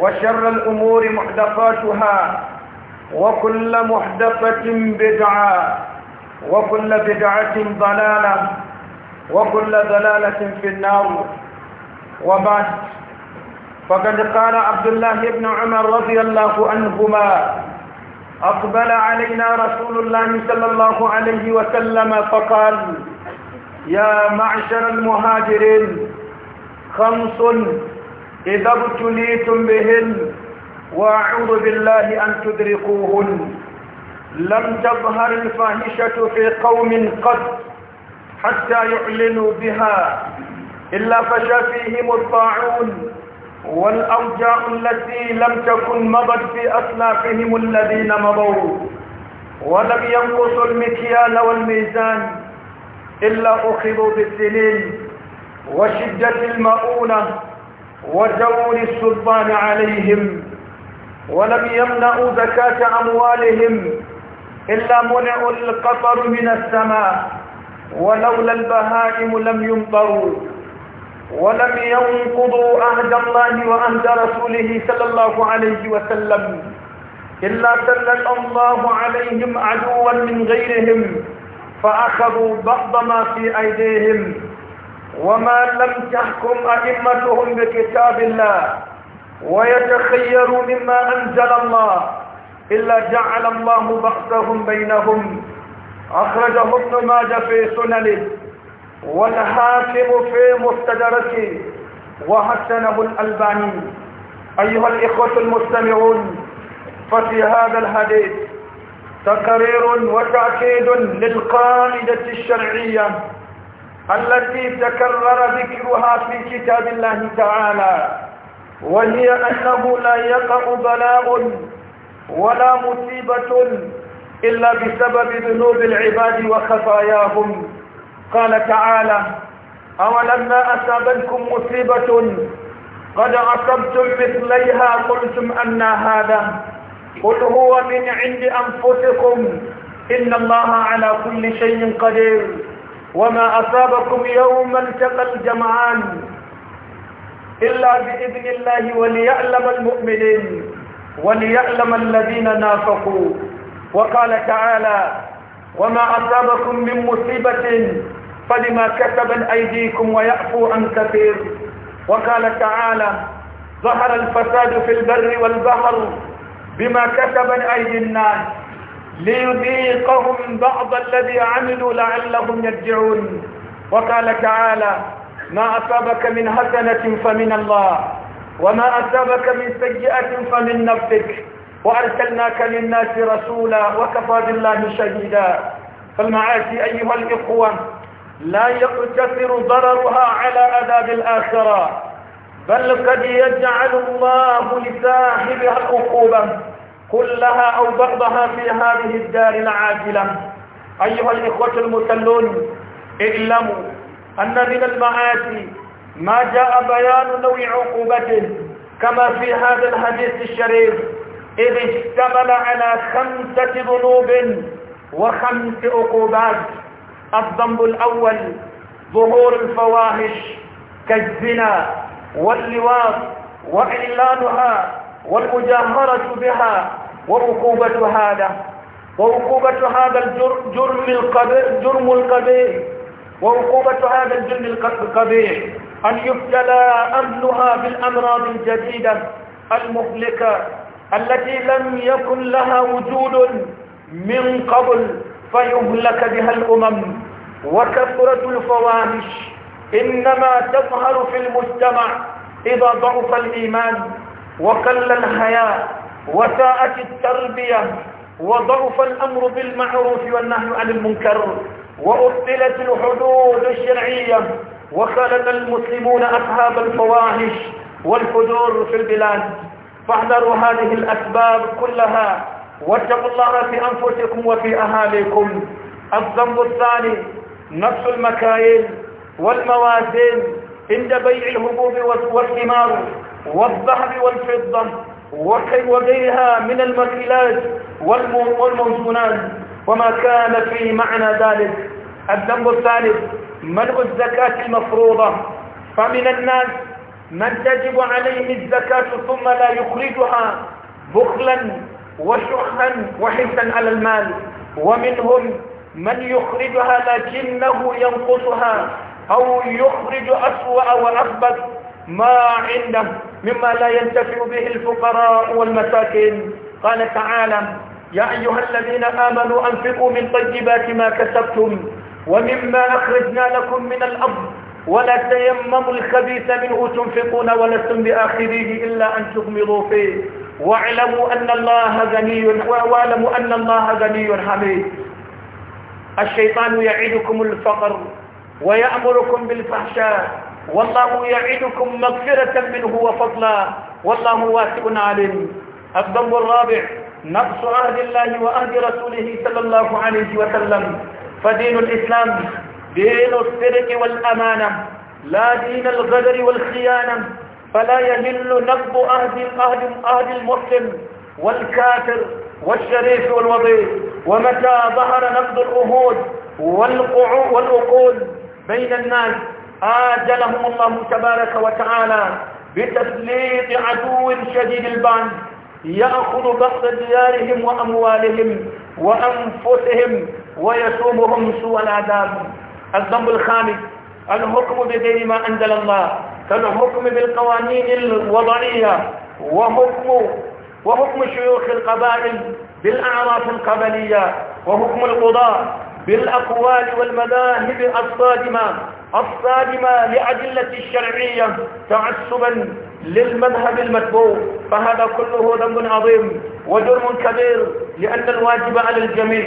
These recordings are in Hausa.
وشر الأمور محدثاتها وكل محدثة بدعة وكل بدعة ضلالة وكل ضلالة في النار وبعد فقد قال عبد الله بن عمر رضي الله عنهما أقبل علينا رسول الله صلى الله عليه وسلم فقال يا معشر المهاجرين خمس إذا ابتليتم بهن وأعوذ بالله أن تدركوهن لم تظهر الفاحشة في قوم قد حتى يعلنوا بها إلا فشى فيهم الطاعون والأوجاع التي لم تكن مضت في أصلافهم الذين مضوا ولم ينقصوا المكيال والميزان إلا أخذوا بالسنين وشدة المؤونة ودور السلطان عليهم ولم يمنعوا زكاة أموالهم إلا منعوا القطر من السماء ولولا البهائم لم يمطروا ولم ينقضوا عهد الله وعهد رسوله صلى الله عليه وسلم إلا سلط الله عليهم عدوا من غيرهم فأخذوا بعض ما في أيديهم وما لم تحكم أئمتهم بكتاب الله ويتخيروا مما أنزل الله إلا جعل الله بحثهم بينهم أخرجه ابن ماجه في سننه والحاكم في مستدركه وحسنه الألباني أيها الإخوة المستمعون ففي هذا الحديث تقرير وتأكيد للقاعدة الشرعية التي تكرر ذكرها في كتاب الله تعالى وهي أنه لا يقع بلاء ولا مصيبة إلا بسبب ذنوب العباد وخفاياهم قال تعالى أولما أصابتكم مصيبة قد عصبتم مثليها قلتم أن هذا قل هو من عند أنفسكم إن الله على كل شيء قدير وما أصابكم يوم التقى الجمعان إلا بإذن الله وليعلم المؤمنين وليعلم الذين نافقوا وقال تعالى وما أصابكم من مصيبة فلما كتب أيديكم ويعفو عن كثير وقال تعالى ظهر الفساد في البر والبحر بما كتب أيدي الناس ليذيقهم بعض الذي عملوا لعلهم يرجعون وقال تعالى ما أصابك من حسنة فمن الله وما أصابك من سيئة فمن نفسك وأرسلناك للناس رسولا وكفى بالله شهيدا فالمعاصي أيها الإخوة لا يقتصر ضررها على عذاب الآخرة بل قد يجعل الله لصاحبها العقوبة كلها أو بعضها في هذه الدار العاجلة أيها الإخوة المسلون اعلموا أن من المعاصي ما جاء بيان نوع عقوبته كما في هذا الحديث الشريف إذ اشتمل على خمسة ذنوب وخمس عقوبات الذنب الأول ظهور الفواحش كالزنا واللواط وإعلانها والمجاهرة بها وعقوبة هذا وعقوبة هذا الجرم القبيح جرم القبيح وعقوبة هذا الجرم القبيح أن يبتلى أهلها بالأمراض الجديدة المهلكة التي لم يكن لها وجود من قبل فيهلك بها الأمم وكثرة الفواحش إنما تظهر في المجتمع إذا ضعف الإيمان وقل الحياء وساءت التربية وضعف الأمر بالمعروف والنهي عن المنكر وأبطلت الحدود الشرعية وخلد المسلمون أصحاب الفواحش والفجور في البلاد فاحذروا هذه الأسباب كلها واتقوا الله في أنفسكم وفي أهاليكم الذنب الثاني نقص المكاين والموازين عند بيع الهبوب والثمار والذهب والفضة وغيرها من المكيلات والموزونات وما كان في معنى ذلك الذنب الثالث منع الزكاة المفروضة فمن الناس من تجب عليه الزكاة ثم لا يخرجها بخلا وشحا وحسا على المال ومنهم من يخرجها لكنه ينقصها أو يخرج أسوأ وأخبث ما عنده مما لا ينتفع به الفقراء والمساكين قال تعالى يا أيها الذين آمنوا أنفقوا من طيبات ما كسبتم ومما أخرجنا لكم من الأرض ولا تيمموا الخبيث منه تنفقون ولستم بآخره إلا أن تغمضوا فيه واعلموا أن الله غني واعلموا أن الله غني حميد الشيطان يعدكم الفقر ويأمركم بالفحشاء والله يعدكم مغفرة منه وفضلا والله واسع عليم الذنب الرابع نقص عهد الله وعهد رسوله صلى الله عليه وسلم فدين الإسلام دين الصدق والأمانة لا دين الغدر والخيانة فلا يهل نقض عهد عهد عهد المسلم والكافر والشريف والوضيع ومتى ظهر نقض العهود والعقود بين الناس آجلهم الله تبارك وتعالى بتسليط عدو شديد البعد يأخذ بعض ديارهم وأموالهم وأنفسهم ويسومهم سوء العذاب الذنب الخامس الحكم بغير ما أنزل الله كالحكم بالقوانين الوضعية وحكم وحكم شيوخ القبائل بالأعراف القبلية وحكم القضاء بالأقوال والمذاهب الصادمة الصادمة لأدلة الشرعية تعسبا للمذهب المتبوع فهذا كله ذنب عظيم وجرم كبير لأن الواجب على الجميع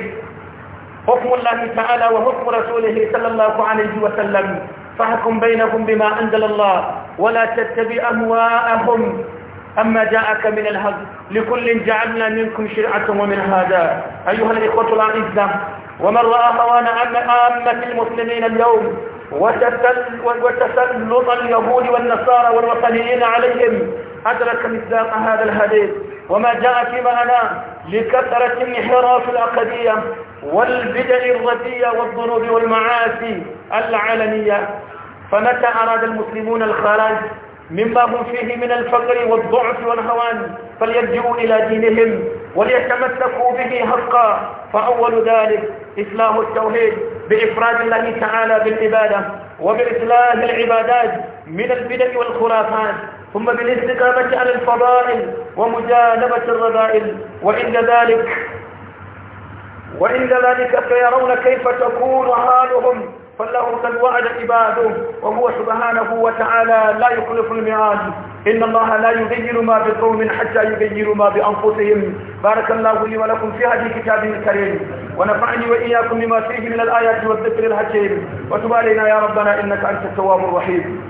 حكم الله تعالى وحكم رسوله صلى الله عليه وسلم فاحكم بينهم بما أنزل الله ولا تتبع أهواءهم أما جاءك من الهد لكل جعلنا منكم شرعة هذا أيها الإخوة الأعزة ومن رأى هوان عامة المسلمين اليوم وتسلط اليهود والنصارى والوطنيين عليهم أدرك مصداق هذا الحديث وما جاء في معناه لكثرة انحراف العقدية والبدع الردية والذنوب والمعاصي العالمية فمتى أراد المسلمون الخلاص مما هم فيه من الفقر والضعف والهوان فليرجعوا إلى دينهم وليتمسكوا به حقا فأول ذلك إسلام التوحيد بإفراد الله تعالى بالعبادة وبإصلاح العبادات من البدع والخرافات ثم بالاستقامة على الفضائل ومجانبة الرذائل وعند ذلك وعند ذلك فيرون كيف تكون حالهم فله قد وعد عباده وهو سبحانه وتعالى لا يخلف الميعاد إن الله لا يغير ما بقوم حتى يغيروا ما بأنفسهم بارك الله لي ولكم في هذه كتابه الكريم ونفعني وإياكم بما فيه من الآيات والذكر الحكيم وتب علينا يا ربنا إنك أنت التواب الرحيم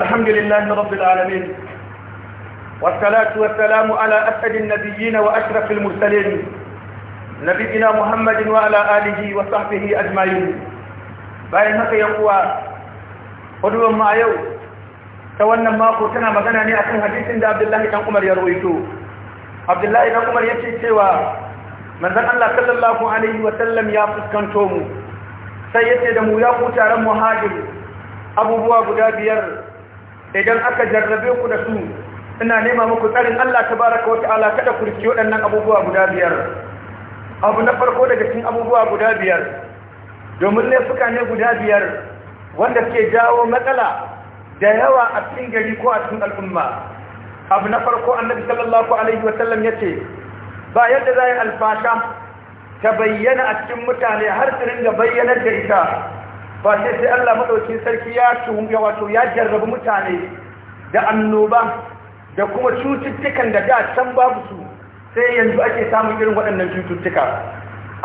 الحمد لله رب العالمين والصلاة والسلام على أسعد النبيين وأشرف المرسلين نبينا محمد وعلى آله وصحبه أجمعين bayan haka yan uwa huduwan a yau ta wannan mako tana magana ne akan hadisin da Abdullahi dan Umar ya rawaito Abdullahi dan Umar yace cewa manzan Allah sallallahu alaihi wa sallam ya fuskanto mu sai yace da mu ya ku taron muhajir abubuwa guda biyar idan aka jarrabe ku da su ina nema muku tsarin Allah Ta baraka wa ta'ala kada ku rike waɗannan abubuwa guda biyar abu na farko daga cikin abubuwa guda biyar domin laifuka ne guda biyar wanda suke jawo matsala da yawa a cikin gari ko a cikin al'umma abu na farko annabi sallallahu alaihi wa sallam yace ba yadda zai alfasha ta bayyana a cikin mutane har su da bayyanar da ita ba sai sai Allah madaukin sarki ya ya wato ya jarrabu mutane da annoba da kuma cututtukan da da can babu su sai yanzu ake samun irin waɗannan cututtuka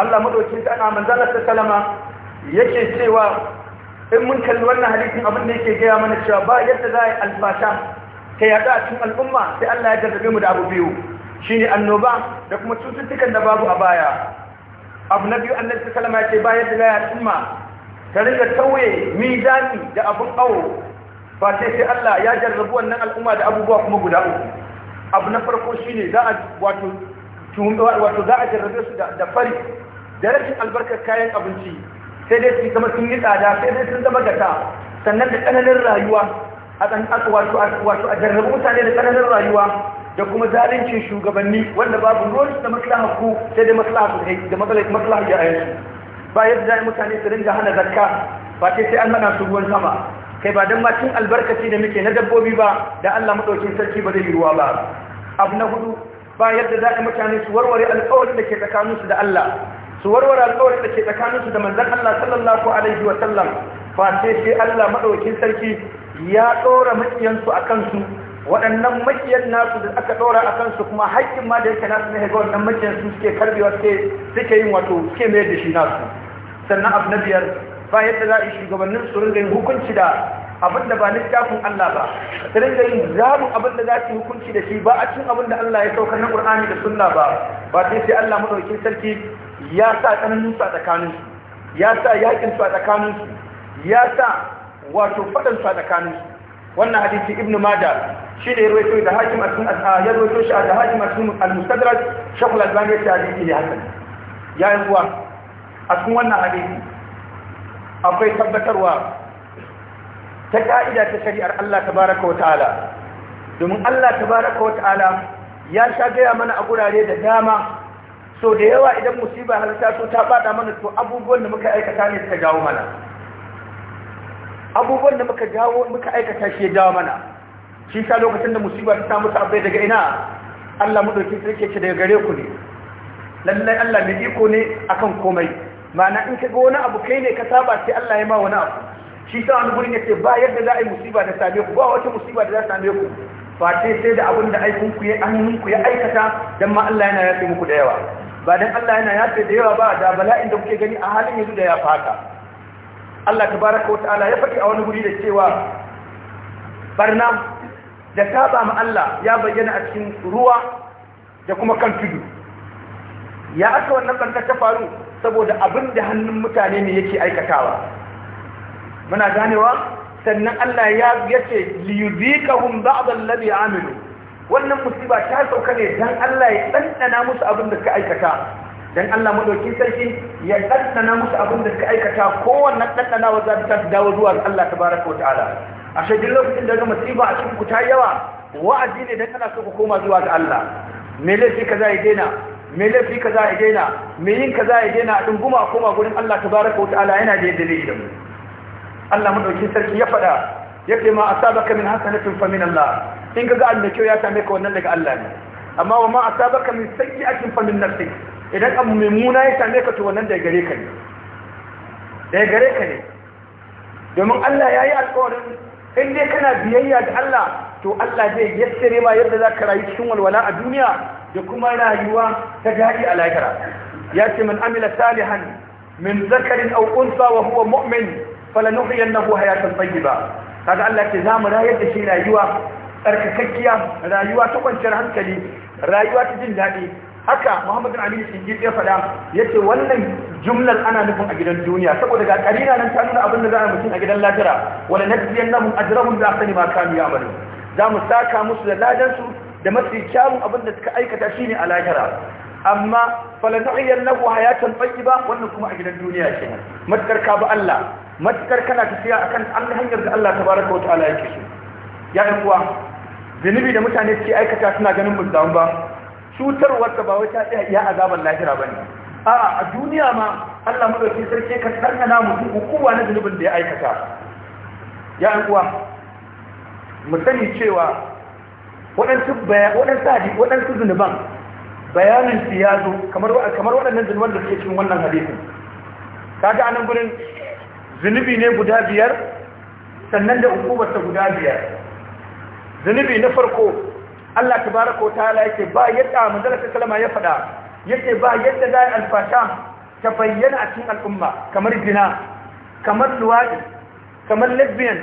Allah madaukin sarki ana manzala ta yake cewa in mun kalli wannan hadisin abin da yake gaya mana cewa ba yadda za a yi alfasha ta yada a cikin al'umma sai Allah ya jarrabe mu da abu biyu shine annoba da kuma cututtukan da babu a baya abu na biyu annabi sallama alaihi ya ce ba yadda za a yi al'umma ta rika tauye mizani da abin awo ba sai sai Allah ya jarrabu wannan al'umma da abubuwa kuma guda uku abu na farko shine za a wato wato za a jarrabe su da fari da rashin albarkar kayan abinci sai dai sun zama sun yi tsada sai dai sun zama gata sannan da tsananin rayuwa a ɗan wato a jarrabu mutane da tsananin rayuwa da kuma zalincin shugabanni wanda babu ruwan da maslaha ku sai dai maslaha da maslaha ya ayyansu ba yadda mutane su ringa hana zakka ba sai an mana su ruwan sama kai ba don cin albarkaci da muke na dabbobi ba da Allah maɗaukin sarki ba zai yi ruwa ba abu na hudu ba yadda za a mutane su warware alƙawarin da ke tsakaninsu da Allah su warware alƙawarin da ke tsakaninsu da manzan Allah sallallahu alaihi wa sallam ba ce sai Allah maɗaukin sarki ya ɗora maƙiyansu a kansu waɗannan maƙiyan nasu da aka ɗora a kansu kuma haƙƙin ma da yake nasu na hega wannan maƙiyan su suke karbewa suke yin wato suke mayar da shi nasu sannan abu na biyar ba yadda za a yi shugabannin su ringa yin hukunci da abin da ba littafin Allah ba su ringa yin zamun abin da za su hukunci da shi ba a cin abin da Allah ya saukar na ƙur'ani da sunna ba ba sai sai Allah maɗaukin sarki ya sa tsananin su a tsakanin su ya sa yakin su a tsakanin su ya sa wato fadan su a tsakanin su wannan hadisi Ibn Majah shi ne ya da hakim a cikin ya rawaito shi a da hakim a cikin al-Mustadrak Shaykhul Albani ya ce hadisi ne hakan ya yi uwa a cikin wannan hadisi akwai tabbatarwa ta ka'ida ta shari'ar Allah tabaraka wa ta'ala domin Allah tabaraka wa ta'ala ya sha gaya mana a gurare da dama so da yawa idan musiba har ta so ta bada mana to abubuwan da muka aikata ne suka jawo mana abubuwan da muka jawo muka aikata shi ya jawo mana shi sa lokacin da musiba ta samu abai daga ina Allah mu dauki sarki ce daga gare ku ne lallai Allah mai iko ne akan komai ma'ana in ka ga wani abu kai ne ka saba sai Allah ya ma wani abu shi sa wani gurin yace ba yadda za a yi musiba da same ku ba wata musiba da za ta same ku ba sai sai da abin da aikin ku ya annun ku ya aikata dan ma Allah yana yafe muku da yawa ba dan Allah yana yafe da yawa ba da bala'in da kuke gani a halin yanzu da ya faka Allah tabaraka wa ta'ala ya faɗi a wani guri da cewa barna da saba ma Allah ya bayyana a cikin ruwa da kuma kan tudu ya aka wannan barka ta faru saboda abin da hannun mutane ne yake aikatawa muna ganewa sannan Allah ya yace liyuzikahum ba'd alladhi amilu wannan musiba ta sauka ne dan Allah ya dandana musu abin da suka aikata dan Allah madaukin sarki ya dandana musu abin da suka aikata kowanne dandana wa za ta dawo zuwa Allah tabaaraka ta'ala a shaidin lokacin da ga musiba a cikin ku ta yawa wa'azi ne dan kana so ku koma zuwa ga Allah me laifi kaza ya daina mai laifi a ya daina mai yin kaza ya daina din guma koma gurin Allah baraka wa ta'ala yana da yadda zai da mu Allah madaukin sarki ya faɗa yace ma asabaka min hasanatin fa min Allah in ga an da kyau ya same ka wannan daga Allah ne amma wa ma asabaka min sayyi'atin fa min nafsik idan abu mummuna ya same ka to wannan daga gare ka ne daga gare ka ne domin Allah yi alkawarin in dai kana biyayya da Allah to Allah zai yassare ma yadda za ka rayu cikin walwala a duniya da kuma rayuwa ta daɗi a lahira ya ce min amila salihan min zakarin aw unsa wa huwa mu'min falanuhyiyannahu hayatan tayyiba kaga Allah ce za mu rayar da shi rayuwa tsarkakakkiya rayuwa ta kwanciyar hankali rayuwa ta jin daɗi haka Muhammad bin Ali Shingi ya faɗa yace wannan jumlar ana nufin a gidan duniya saboda ga karina nan ta nuna abin da za a mutum a gidan lahira wala najziyannahum ajrahum bi ahsani ma kanu ya'malun za mu saka musu da ladan su da mafi kyawun abin da suka aikata shine a lahira amma falanuhiyar nahu hayatan ba wannan kuma a gidan duniya ce matukar ka bi Allah matukar kana tafiya akan Allah hanyar da Allah ta wa ta'ala yake so ya yi kuwa zunubi da mutane suke aikata suna ganin musulman ba cutarwar da ba wai ta tsaya iya azabar lahira ba a'a a duniya ma Allah madaukakin sarki ka na mu hukuma na zunubin da ya aikata ya yi kuwa mu sani cewa waɗansu zunuban bayanin su ya zo kamar waɗannan zunuban da suke cikin wannan Ta kaga anan gurin zunubi ne guda biyar sannan da hukumarsa guda biyar zunubi na farko Allah tabaraka wa ta'ala yake ba yadda manzala kalama ya faɗa yake ba yadda za alfasha ta bayyana a cikin al'umma kamar jina, kamar luwaɗi kamar lesbian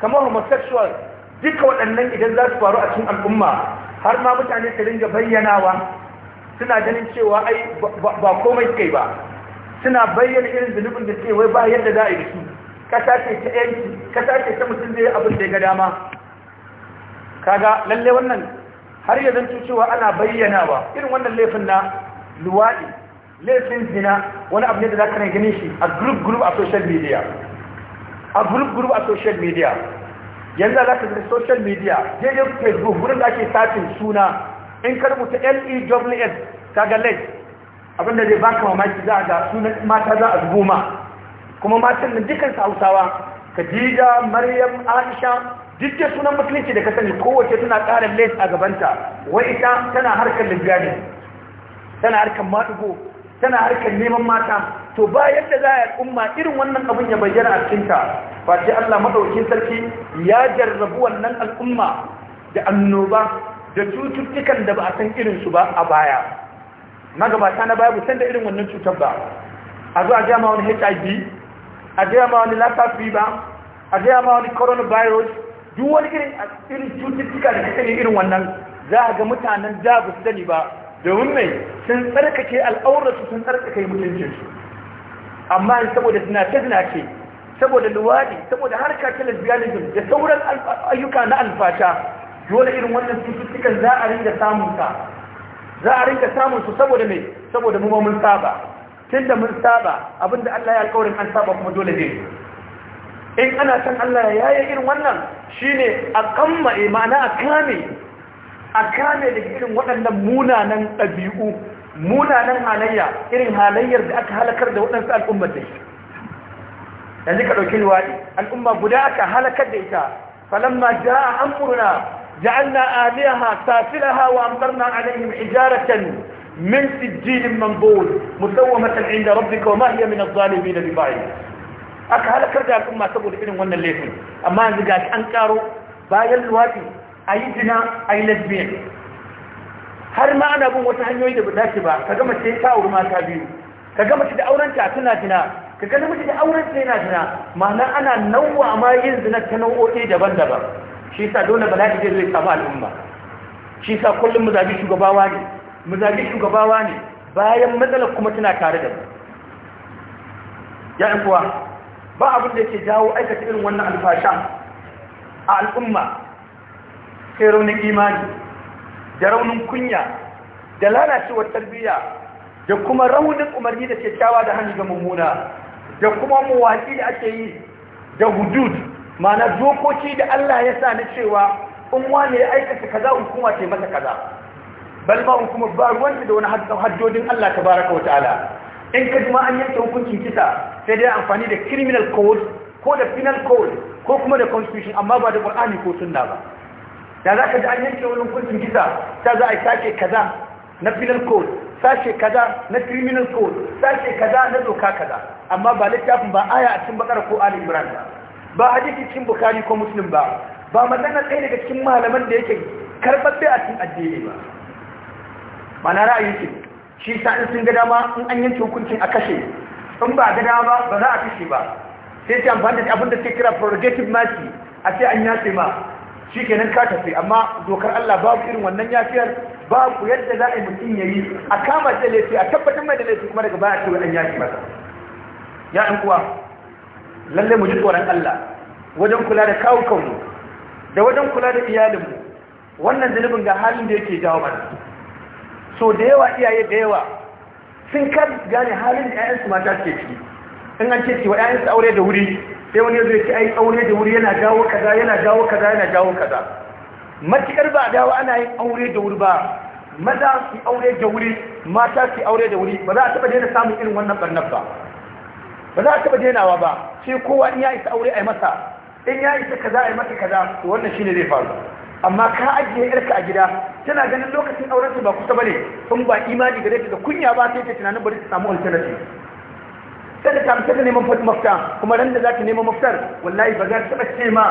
kamar homosexual duka waɗannan idan za su faru a cikin al'umma har ma mutane su dinga bayyanawa suna ganin cewa ai ba komai kai ba suna bayyana irin zunubin da ce wai ba yadda za a yi su kasa ce ta yanki kasa ce ta mutum zai abin da ya ga dama kaga lalle wannan har yanzu zanto cewa ana bayyanawa irin wannan laifin na luwaɗi laifin zina wani abu ne da za ka gani shi a group group a social media a group group a social media yanzu za ka zai social media daidai facebook wurin da ake satin suna in ka ta lews ta ga leg abinda zai baka mamaki za a ga sunan mata za a zubo ma kuma matan da dukkan hausawa khadija maryam aisha dukke sunan musulunci da ka sani kowace tana ƙarin les a gabanta wai ita tana harkar lesbianism tana harkar maɗugo tana harkar neman mata to ba yadda za a al'umma irin wannan abin ya bayyana a cikinta ba ce Allah maɗaukin sarki ya jarrabu wannan al'umma da annoba da cututtukan da ba a san irinsu ba a baya magabata na baya san da irin wannan cutar ba a zo a wani hiv a gaya ma wani lassa fever a gaya ma wani coronavirus duk wani irin cututtuka da ka irin wannan za a ga mutanen da ba su sani ba domin mai sun tsarkake al'aurarsu sun tsarkake mutuncinsu amma saboda zinace-zinace saboda luwaɗi saboda harka ta lesbianism da sauran ayyuka na alfata dole irin wannan cututtukan za a ringa samun ka za a ringa samun su saboda mai saboda mu mun saba tunda mun saba abinda Allah ya alƙawarin an saba kuma dole ne in ana san Allah ya yi irin wannan shine a kamma ma'ana a kame a kame daga irin waɗannan munanan ɗabi'u munanan halayya irin halayyar da aka halakar da waɗansu al'ummar da shi yanzu ka ɗauki luwaɗi al'umma guda aka halakar da ita falamma na amruna ha aliyaha ha wa amtarna alaihim hijaratan min sijjilin mambol musawwamatan inda rabbika wa ma hiya min adh da bibayi aka halakar da al'umma saboda irin wannan laifin amma yanzu gashi an karo bayan luwaɗi a yi jina a yi lesbian har ma ana bin wata hanyoyi da ba shi ba ka gama ce ta auri mata biyu ka gama ce da auren ta tana jina ka gama ce da ta yana jina ma'ana ana nauwa ma yin zina ta nau'o'i daban-daban shi sa dole ba zai zai samu al'umma shi sa kullum mu zabi shugabawa ne mu zabi shugabawa ne bayan matsalar kuma tana tare da mu ya kuwa ba abin da yake jawo aikata irin wannan alfasha a al'umma sai raunin imani da raunin kunya da lalacewar tarbiyya da kuma raunin umarni da ke kyakkyawa da hannu ga mummuna da kuma mawaƙi da ake yi da hudud mana dokoki da Allah ya sa na cewa in wane ya aikata kaza hukuma ce masa kaza bal ma hukuma ba ruwanta da wani haddodin Allah tabaraka wa ta'ala in ka jima an yanke hukuncin kisa sai dai amfani da criminal code ko da penal code ko kuma da constitution amma ba da Qur'ani ko sunna ba da za ka ji an yanke wani hukuncin kisa ta za a yi sashe kaza na penal code sashe kaza na criminal code sashe kaza na doka kaza amma ba littafin ba aya a cin bakar ko ali imran ba ba hadisi cikin bukari ko muslim ba ba magana kai daga cikin malaman da yake karɓaɓɓe a cikin addini ba mana ra'ayi ki shi sa sun ga dama in an yanke hukuncin a kashe in ba ga dama ba za a kashe ba sai ta amfani da abin da ke kira prorogative mercy a ce an yace ma shi kenan ka tafi amma dokar Allah babu irin wannan yafiyar babu yadda za a yi mutum ya yi a kama da laifi a tabbatar mai da laifi kuma daga baya ce wannan yafi masa ya ɗan kuwa lalle mu ji tsoron Allah wajen kula da kawo kawo da wajen kula da iyalinmu wannan zanubin ga halin da yake jawo mana so da yawa iyaye da yawa sun kar gane halin da 'ya'yansu mata suke ciki in an ce ki wa 'ya'yansu aure da wuri sai wani zai ce ai aure da wuri yana jawo kaza yana jawo kaza yana jawo kaza matukar ba dawo ana yin aure da wuri ba maza su aure da wuri mata su aure da wuri ba za a taba daina samun irin wannan barnar ba ba za a taba dainawa ba sai kowa in ya isa aure a masa in ya isa kaza a yi masa kaza to wannan shine zai faru amma ka ajiye yarka a gida tana ganin lokacin auren ba kusa bane in ba imani gare ta da kunya ba sai ta tunanin bari ta samu alternative kada ka da neman fata mafita kuma ran da za ka neman mafitar wallahi ba za ka taba ce ma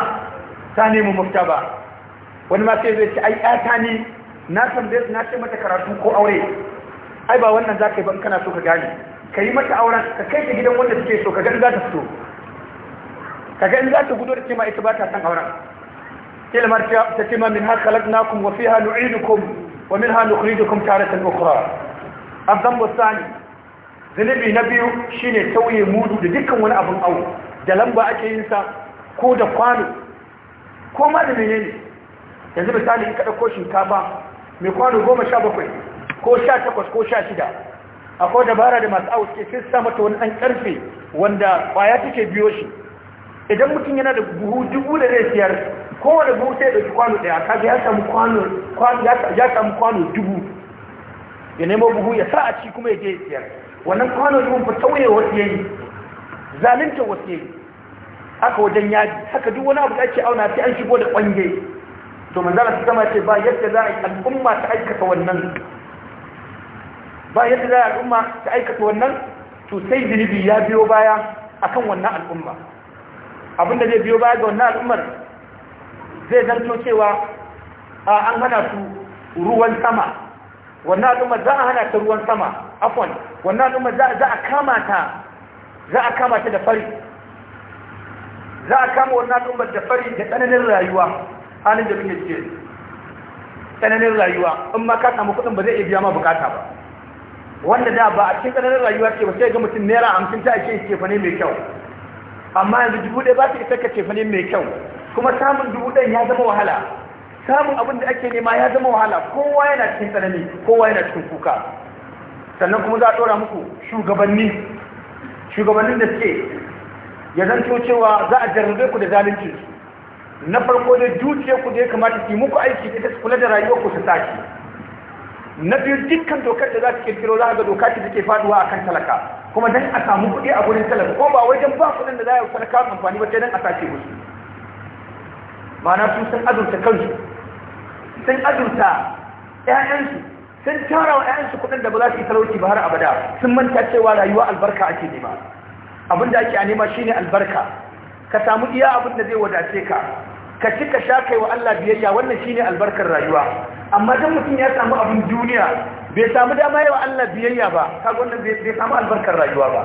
ta nemi mafita ba wani ma sai zai ce ai ƴata ni na san su na ce mata karatu ko aure ai ba wannan ka yi ba in kana so ka gane ka yi mata auren ka kai ta gidan wanda suke so ka ga in za ta fito ka ga in za ta gudu da ce ma ita ba ta san auren kalmar ta ce ma min ha khalaqnakum wa fiha nu'idukum wa minha nukhrijukum taratan ukhra abdan bustani zunubi na biyu shine sauye mudu da dukkan wani abin awo da lamba ake yin sa ko da kwano ko ma da menene yanzu misali in ka ko shinkafa mai kwano goma sha bakwai ko sha takwas ko sha shida akwai dabara da masu awo suke sun sa mata wani ɗan ƙarfe wanda ƙwaya take biyo shi idan mutum yana da buhu dubu da zai siyar kowane buhu sai ɗauki kwano ɗaya ka ya samu kwano ya samu kwano dubu ya nemo buhu ya sa a ci kuma ya je siyar wannan kwano ɗin ba tauye wasu yayi zalunta wasu yayi haka wajen yaji haka duk wani abu da ake auna sai an shigo da kwange to manzala su zama ce ba yadda za a yi al'umma ta aikata wannan ba yadda za a yi al'umma ta aikata wannan to sai zunubi ya biyo baya akan wannan al'umma abinda zai biyo baya ga wannan al'ummar zai zanto cewa an hana su ruwan sama wannan al'ummar za a hana ta ruwan sama afon wannan al'umma za a kama ta za a kama ta da fari za a kama wannan al'umma da fari da tsananin rayuwa halin da muke ciki tsananin rayuwa in ma ka samu kuɗin ba zai iya biya ma bukata ba wanda da ba a cikin tsananin rayuwa ce ba sai ga mutum naira hamsin ta ake cefa fane mai kyau amma yanzu dubu ɗaya ba ta isa ka cefa mai kyau kuma samun dubu ɗaya ya zama wahala samun abin da ake nema ya zama wahala kowa yana cikin tsanani kowa yana cikin kuka sannan kuma za a ɗora muku shugabanni shugabannin da suke ya zanto cewa za a jarrabe ku da zalunci na farko dai dukiyar ku da ya kamata ki muku aiki ita su kula da rayuwar ku su tashi na biyu dukkan dokar da za su kirkiro za a ga doka ce take faduwa kan talaka kuma don a samu kuɗi a gurin talaka ko ba wajen ba kuɗin da za a yi talaka amfani ba sai dan a sace musu ma'ana su sun azurta kansu sun azurta 'ya'yansu sun tara wa ƴaƴansu kuɗin da ba za su yi talauci ba har abada sun manta cewa rayuwa albarka ake nema abin da ake a nema shine albarka ka samu iya abin da zai wadace ka ka ci ka sha kai wa Allah biyayya wannan shine albarkar rayuwa amma dan mutum ya samu abin duniya bai samu dama wa Allah biyayya ba ka wannan bai samu albarkar rayuwa ba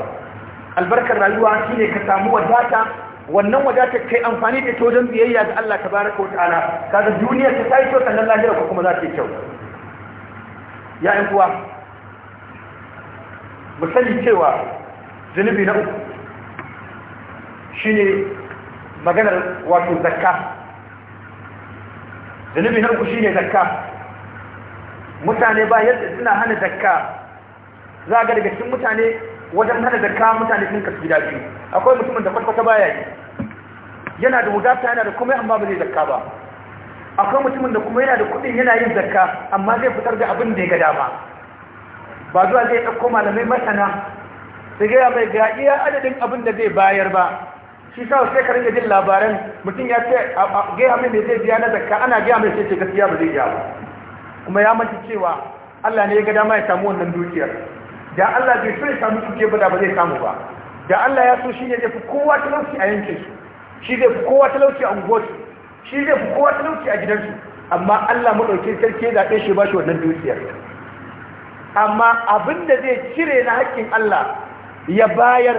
albarkar rayuwa shine ka samu wadata wannan wadata kai amfani da ita wajen biyayya ga Allah tabaraka wa ta'ala kaga duniya ta sai kyau sannan lahira ko kuma za ta yi kyau ya yi kuwa musali cewa zunubi na uku shi ne maganar wato zakka zunubi na uku shi ne zakka mutane ba yadda suna hana zakka za a ga daga cikin mutane wajen hana zakka mutane sun kasu gida biyu akwai mutumin da kwatkwata baya yi yana da wadata yana da kuma yamma ba zai zakka ba akwai mutumin da kuma yana da kuɗin yana yin zakka amma zai fitar da abin da ya ga dama ba zuwa zai ɗauko malamai masana su gaya mai ga iya adadin abin da zai bayar ba shi sa sai ka jin labaran mutum ya ce a gaya mai zai biya na zakka ana gaya mai sai ce gaskiya ba zai biya ba kuma ya mace cewa Allah ne ya ga dama ya samu wannan dukiyar da Allah bai so ya samu dukiyar ba da ba zai samu ba da Allah ya so shi ne zai fi kowa talauci a yankin su shi zai fi kowa talauci a unguwarsu shi zai fi kowa talauci a gidansu amma Allah maɗauki sarki ya zaɓe shi ba shi wannan dukiyar amma abin da zai cire na haƙƙin Allah ya bayar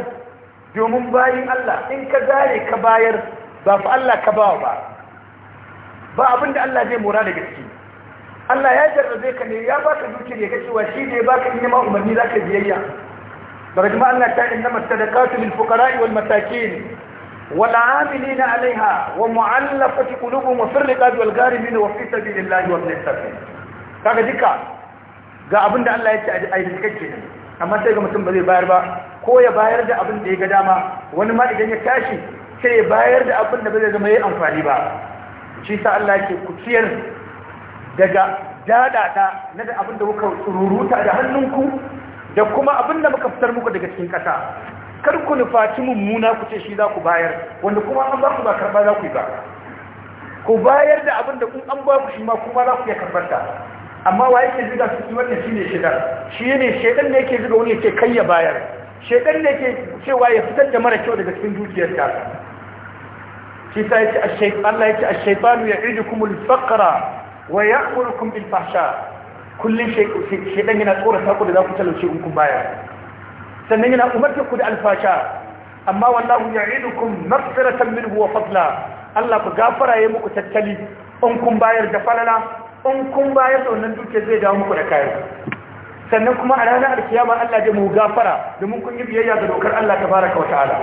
domin bayin Allah in ka zare ka bayar ba fa Allah ka bawa ba ba abin da Allah zai mora da gaske Allah ya jarrabe ka ne ya baka dukiyar ya kace wa shi ne baka nema umarni zaka biyayya barkama Allah ta innama da lil fuqara'i wal masakin والعاملين عليها ومعلقة قلوبهم وفي الرقاب والغارمين وفي سبيل الله وابن السبيل kaga duka ga abin da Allah ya ce a yi cikakke ne amma sai ga mutum ba zai bayar ba ko ya bayar da abin da ya ga dama wani ma idan ya tashi sai ya bayar da abin da ba zai zama ya amfani ba shi sa Allah ke kuciyar daga dadada na da abin da kuka tsururuta da hannunku da kuma abin da muka fitar muku daga cikin ƙasa kar ku nufaci mummuna ku ce shi za ku bayar wanda kuma an ba ku ba karba za ku yi ba ku bayar da abin da kun an ba ku shi ma kuma za ku iya karbar ta amma wa yake zuga su ci wannan shine shi ne shedan ne yake zuga wani ya ce kai ya bayar shedan ne yake cewa ya fitar da mara kyau daga cikin zuciyar ta shi sa yace shaytan Allah yake ash-shaytanu ya'idukum al-faqra wa ya'murukum bil fahsha kullun shay'un shedan yana tsorata sako da za ku talauce in kun bayar sannan yana umarta ku da alfasha amma wallahu ya'idukum maghfiratan minhu wa fadla Allah ku gafara yayi muku tattali in kun bayar da falala in kun bayar da wannan duke zai dawo muku da kayan sannan kuma a ranar alkiyama Allah zai mu gafara domin kun yi biyayya ga dokar Allah tabaraka wa ta'ala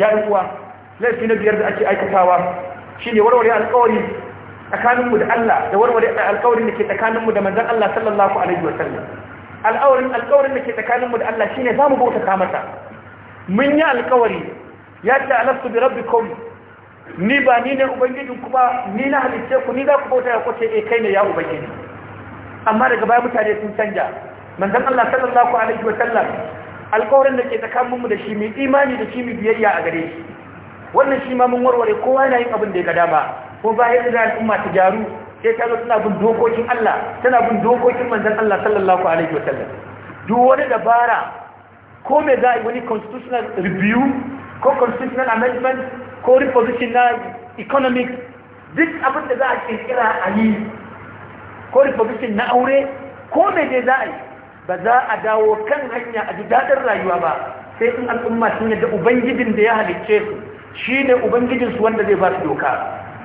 ya ɗan uwa laifi na biyar da ake aikatawa shine warware alƙawari tsakaninmu da Allah da warware alƙawarin da ke tsakaninmu da manzon Allah sallallahu alaihi wa sallam alƙawarin alƙawarin da ke tsakaninmu da Allah shine zamu bauta masa mun yi alƙawari ya ce alastu bi kom ni ba ni ne ubangijin ba ni na halitce ku ni za ku bauta ya kwace e kai ne ya ubangiji amma daga baya mutane sun canja manzan Allah sallallahu alaihi wa sallam alƙawarin da ke tsakaninmu da shi mai imani da shi mai biyayya a gare shi wannan shi ma mun warware kowa yana yin abin da ya ga dama ko ba yadda da al'umma ta jaru. sai ta zo tana bin dokokin Allah tana bin dokokin manzan Allah sallallahu alaihi wasallam duk wani dabara ko me za a yi wani constitutional review ko constitutional amendment ko reposition na economic duk abin da za a kirkira a yi ko reposition na aure ko me dai za a yi ba za a dawo kan hanya a ji rayuwa ba sai in al'umma sun yadda ubangijin da ya halicce su shi ne ubangijinsu wanda zai ba su doka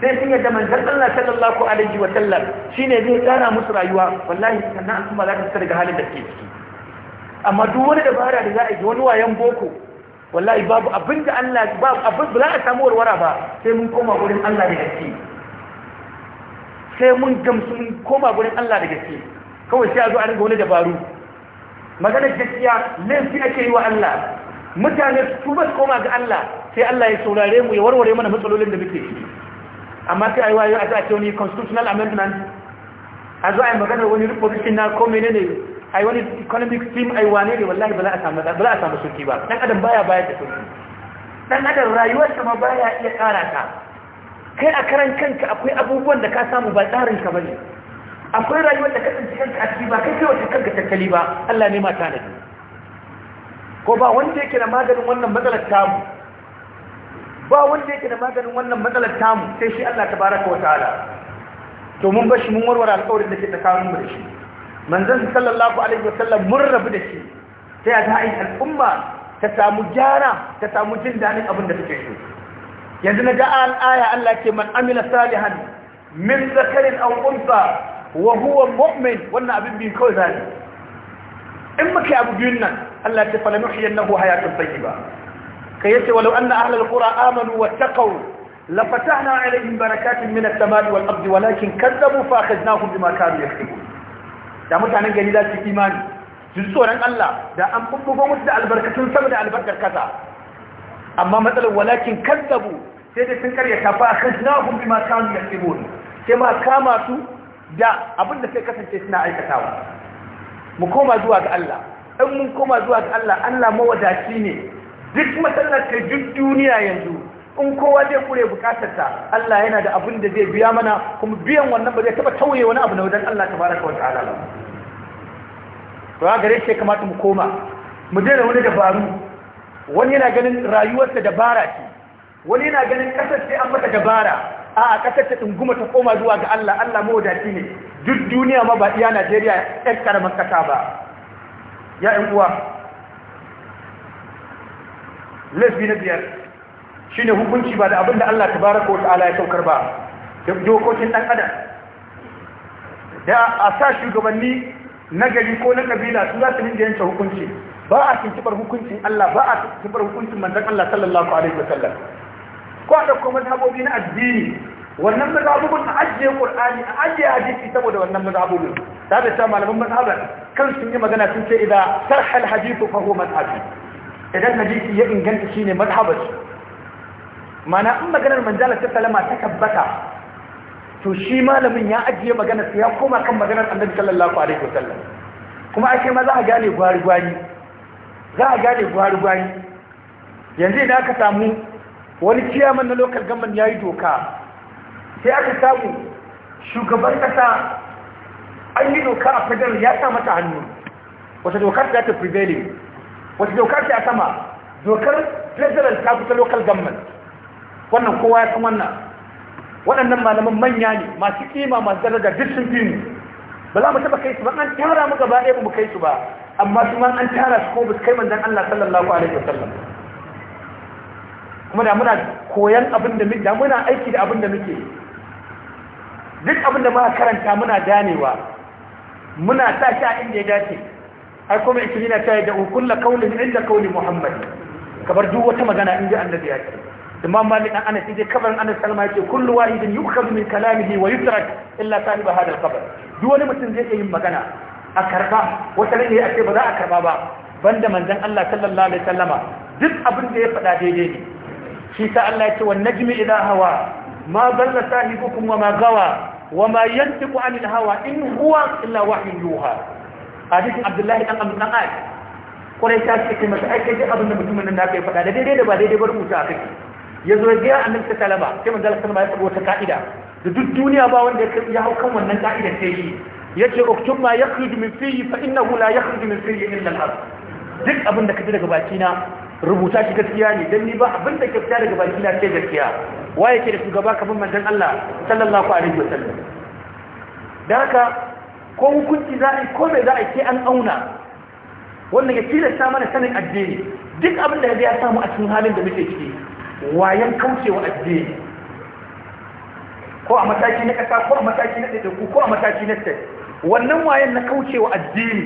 sai sun yadda manzan Allah sallallahu alaihi wa sallam shine zai tsara musu rayuwa wallahi sannan an kuma za ka daga halin da ke ciki amma duk wani dabara da za a yi wani wayan boko wallahi babu abin da Allah ba abin da za a samu warwara ba sai mun koma gurin Allah da gaske sai mun gamsu mun koma gurin Allah da gaske kawai sai a zo a ringa wani dabaru maganar gaskiya laifi ake yi wa Allah mutane su ba su koma ga Allah sai Allah ya saurare mu ya warware mana matsalolin da muke ciki amma sai a yi wayo a ce wani constitutional amendment a zo a yi maganar wani reposition na komai ne ne a yi wani economic team a yi wane ne wallahi ba za a samu soki ba ɗan adam baya bayar da soki ɗan adam rayuwarsa ma baya iya ƙara ta kai a karan kanka akwai abubuwan da ka samu ba tsarin ka ba ne. akwai rayuwar da ka kanka a ciki ba kai kai wata kanka tattali ba Allah ne ma tanadi ko ba wanda yake da maganin wannan matsalar tamu ba wanda yake da maganin wannan matsalar tamu sai shi Allah baraka wa ta'ala to mun bashi mun warware alƙawarin da ke tsakanin mu da shi manzon sallallahu alaihi wasallam mun rabu da shi sai a ga ai al'umma ta samu gyara ta samu jin daɗin abin da take so yanzu na ga al'aya Allah ke man amila salihan min zakarin aw unsa wa huwa mu'min wannan abin bi kawai zani in muka abu biyun nan Allah ta falanuhiyannahu hayatan tayyiba Ka كيسي ولو أن أهل القرى آمنوا واتقوا لفتحنا عليهم بركات من السماء والأرض ولكن كذبوا فأخذناهم بما كانوا يكسبون da mutanen gari da su imani su tsoron Allah da an bubbugo musu da albarkatun sama da albarkar kasa amma matsalar walakin kazzabu sai da sun karya ta fa khaznahum bima kanu yasibun sai ma kama su da abin da sai kasance suna aikatawa mu koma zuwa ga Allah in mun koma zuwa ga Allah Allah mawadaci ne duk masallatai duk duniya yanzu in kowa zai kure bukatarsa Allah yana da abin da zai biya mana kuma biyan wannan ba zai taba tauye wani abu na wajen Allah tabaraka wa ta'ala ba to ga gare shi kamata mu koma mu daina wani dabaru wani yana ganin rayuwarsa dabara ce wani yana ganin kasar sai an masa dabara a kasar ta tunguma ta koma zuwa ga Allah Allah mawadaci ne duk duniya ma ba iya Najeriya ɗan karamin kasa ba ya uwa lafi na biyar shi ne hukunci ba da abin da Allah tabaraka wa ta'ala ya saukar ba da dokokin ɗan adam da a sa shugabanni na gari ko na kabila su za su da yanta hukunci ba a tuntubar hukuncin Allah ba a tuntubar hukuncin manzan Allah sallallahu alaihi wasallam ko a kuma mazhabobi na addini wannan mazhabobin a ajiye Al-ƙur'ani a ajiye hadisi saboda wannan mazhabobin da da malaman mazhabar kan sun yi magana sun ce idan sarhal hadisu fa huwa mazhabi idan hadisi ya inganta shi ne madhabar mana in maganar manzala ta salama ta tabbata to shi malamin ya ajiye maganar ya koma kan maganar annabi sallallahu alaihi wasallam kuma ake ma za a gane gwari gwari za a gane gwari gwari yanzu idan aka samu wani ciyaman na local ya yi doka sai aka samu shugaban kasa an yi doka a fadar ya sa mata hannu wata dokar da ta prevailing wata dokar ce a sama dokar federal ta fita local government wannan kowa ya san wannan waɗannan malaman manya ne masu kima masu daraja duk sun fi ne ba za mu taɓa kai su ba an tara mu gaba ɗaya ba mu kai su ba amma su ma an tara su ko ba su kai manzon Allah sallallahu alaihi wasallam kuma da muna koyan abin da da muna aiki da abin da muke duk abin da muka karanta muna ganewa muna sa shi a inda ya dace ai kuma ikilina ta yi da kulla kaulin inda kauli muhammad kabar duk wata magana in ji annabi ya ce imam malik an anas yace kabarin anas salma yace kullu wahidin yukhadhu min kalamihi wa yutrak illa sahib hada al duk wani mutum zai iya yin magana a karba wata ne ya ce ba za a karba ba banda manzon Allah sallallahu alaihi wasallama duk abin da ya faɗa daidai ne shi sa Allah ce, wan najmi idha hawa ma dalla sahibukum wa ma gawa wa ma yantiqu anil hawa in huwa illa wahyun yuha hadisin abdullahi dan abu dan ai ta ce abin da mutumin nan da aka yi faɗa da daidai da ba daidai ba rubuta a kai ya zo ya a annabi ta talaba sai mun Allah ba ya wasallam wata ka'ida da duk duniya ba wanda ya hau kan wannan ka'ida ta yi ce uktum ma yakhruju min fihi fa innahu la ya min fihi illa al-haq duk abin da kaji daga baki na rubuta shi gaskiya ne dan ni ba abin da ke fita daga baki na sai gaskiya waye ke da shugaba kafin manzon Allah sallallahu alaihi wasallam da haka ko hukunci za a yi ko mai za a yi an auna wannan ya tilasta mana sanin addini duk abin da ya samu a cikin halin da muke ciki wayan kaucewa addini ko a mataki na ƙasa ko a mataki na ɗaiɗaiku ko a mataki na tsaye wannan wayan na kaucewa addini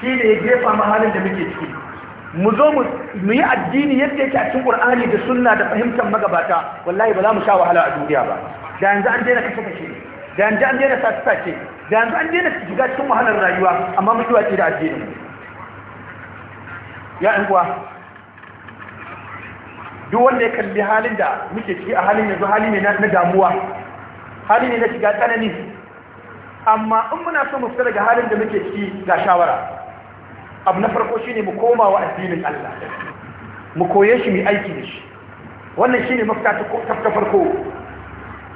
shi ne ya jefa mu halin da muke ciki mu zo mu yi addini yadda yake a cikin ƙur'ani da sunna da fahimtar magabata wallahi ba za mu sha wahala a duniya ba da yanzu an daina kashe kashe da yanzu an daina sace dan da yanzu an daina shiga cikin wahalar rayuwa amma mutuwa ce da addini ya in duk wanda ya kalli halin da muke ciki a halin yanzu hali ne na damuwa hali ne na shiga tsanani amma in muna so mu fita daga halin da muke ciki ga shawara abu na farko shine mu koma wa addinin Allah mu koye shi mu aiki da shi wannan shine mafita ta farko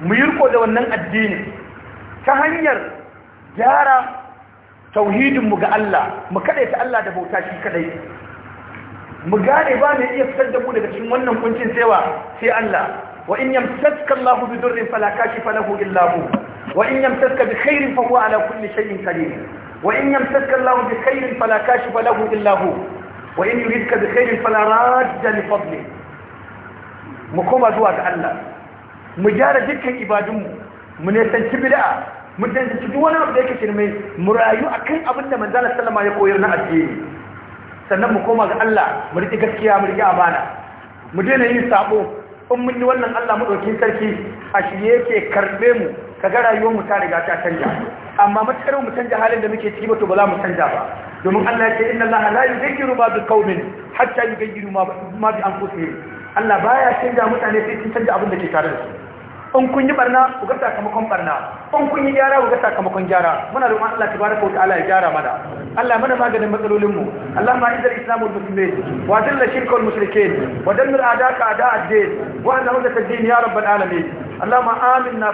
mu yi da wannan addinin ta hanyar gyara tauhidinmu ga Allah mu ta Allah da bauta shi kadai mu gane ba mai iya fitar da mu daga cikin wannan kuncin tsewa sai Allah wa in yamtaska Allahu bi durrin fala kashifa lahu illa hu wa in yamtaska bi khairin fa huwa ala kulli shay'in qadir wa in yamtaska Allahu bi khairin fala kashifa lahu illa hu wa in yuridka bi khairin fala radda li fadli mu koma zuwa ga Allah mu gyara dukkan ibadunmu mu ne san bid'a mutane su duk wani abu da yake shirme mu rayu kan abin da manzala sallama ya koyar na addini sannan mu koma ga Allah mu riƙe gaskiya mu riƙe amana mu daina yin sabo in mun yi wannan Allah madaukin sarki a shirye yake karbe mu ga rayuwar mu ta riga ta canja amma matakar mu canja halin da muke ciki ba to ba za mu canja ba domin Allah ya ce inna Allah la yughayyiru ba bi qaumin hatta yughayyiru ma bi anfusihim Allah baya canja mutane sai sun canja abin da ke tare da su in kun yi barna ku ga sakamakon barna in kun yi gyara ku ga sakamakon gyara muna roƙon Allah tabaraka wa ta'ala ya gyara mana Allah mana maganin matsalolin mu Allah ma izzal islamul muslimin wa dalla shirkul mushrikeen wa dammir a'daka a'da ad-din wa anna da ad-din ya rabbal alamin اللهم آمنا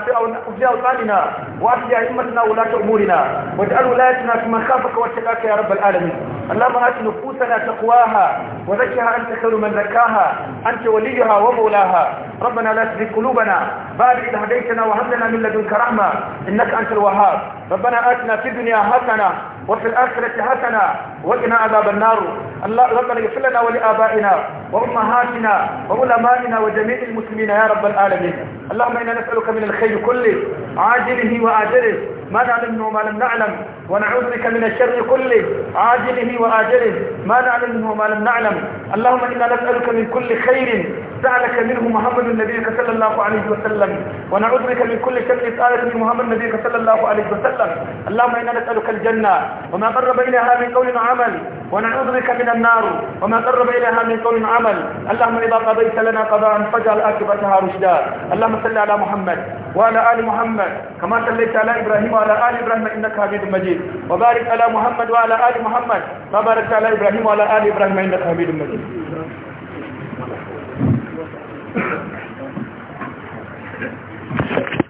في أوطاننا وأصلح أئمتنا ولاة أمورنا واجعل ولايتنا في من خافك واتقاك يا رب العالمين اللهم آت نفوسنا تقواها وزكها أنت خير من زكاها أنت وليها ومولاها ربنا لا تزغ قلوبنا بعد إذا هديتنا وهب لنا من لدنك رحمة إنك أنت الوهاب ربنا آتنا في الدنيا حسنة وفي الآخرة حسنة وقنا عذاب النار الله ربنا يغفر لنا ولآبائنا وأمهاتنا وعلمائنا وجميع المسلمين يا رب العالمين اللهم إنا نسألك من الخير كله عاجله وآجله ما نعلم وما لم نعلم ونعوذ بك من الشر كله عاجله وآجله ما نعلم وما لم نعلم اللهم إنا نسألك من كل خير سألك منه محمد نبيك صلى الله عليه وسلم ونعوذ بك من كل شر سألك من محمد نبيك صلى الله عليه وسلم اللهم إنا نسألك الجنة وما قرب إليها من قول عمل ونعوذ بك من النار وما قرب إليها من قول عمل العمل اللهم إذا قضيت لنا قضاء فاجعل عاقبتها رشدا اللهم صل على محمد وعلى آل محمد كما صليت على إبراهيم وعلى آل إبراهيم إنك حميد مجيد وبارك على محمد وعلى آل محمد ما باركت على إبراهيم وعلى آل إبراهيم إنك حميد مجيد Thank you.